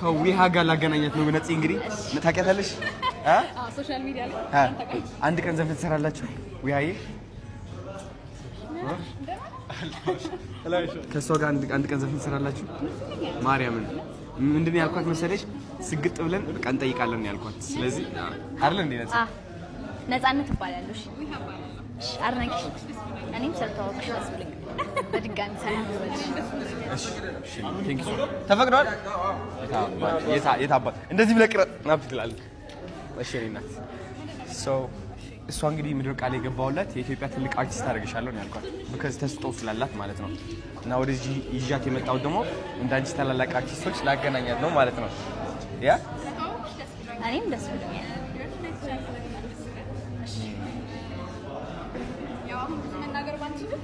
ከዊሃ ጋር ላገናኛት ነው ነፂ። እንግዲህ ታውቂያታለሽ። ሶሻል ሚዲያ ላይ አንድ ቀን ዘፈን ትሰራላችሁ። ዊሃዬ ከእሷ ጋር አንድ ቀን ዘፈን ትሰራላችሁ። ማርያምን ምንድን ነው ያልኳት መሰለሽ? ስግጥ ብለን በቃ እንጠይቃለን ያልኳት። ስለዚህ አይደለ እንዴ ነፂ ነፃነት እባላለሁ። እሺ አድናቂሽ እኔም ስለተዋወቅሽ ደስ ብሎኝ በድጋሚ ሰላም ተፈቅዷል። እንደዚህ ብለህ ቅረጥ ምናምን ትላለህ። እሺ እኔ እናት እሷ እንግዲህ ምድር ቃል የገባሁላት የኢትዮጵያ ትልቅ አርቲስት አደርግሻለሁ ነው ያልኳት። ብከዚ ተስጦ ስላላት ማለት ነው። እና ወደዚህ ይዣት የመጣሁት ደግሞ እንዳንቺ አንቺ ታላላቅ አርቲስቶች ላገናኛት ነው ማለት ነው። ያ እኔም ደስ ብሎኛል። ሰዎች ያው አሁን መናገር ባንችልም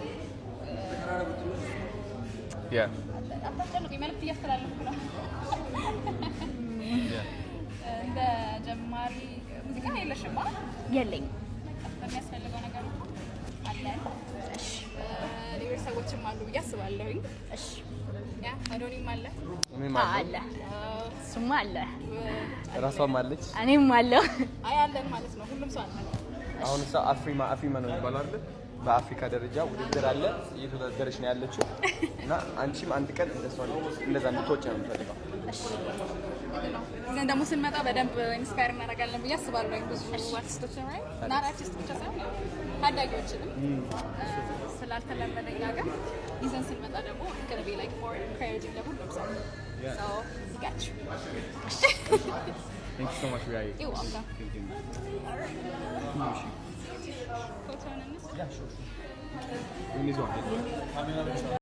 መልዕክት እያስተላለፍኩ ነው። እንደ ጀማሪ ሙዚቃ በሚያስፈልገው ነገር አለን። ሌሎች ሰዎችም አሉ ብዬ አስባለሁኝ። አዶኒም አለ አለ አለ አለች እኔም አለው አያለን ማለት ነው። ሁሉም ሰው አለ አሁን እሷ አፍሪማ አፍሪማ ነው የሚባለው አይደል? በአፍሪካ ደረጃ ውድድር አለ፣ እየተወዳደረች ነው ያለችው እና አንቺም አንድ ቀን እንደሷ እንደዛ እንድትወጪ ነው የምፈልገው። እዚህም ደግሞ ስንመጣ በደንብ ኢንስፓየር እናደርጋለን ብዬ አስባለሁ። ብዙ አርቲስቶች እና አርቲስት ብቻ ሳይሆን ታዳጊዎችንም ስላልተለመደ ጋር ይዘን ስንመጣ ደግሞ ቅርቤ ላይ ሞር ኢንካሬጅንግ ለሁሉም ሰው ይጋችሁ Dokunma şey. Fotoğrafınız? Ya şu. Deniz var. Kamera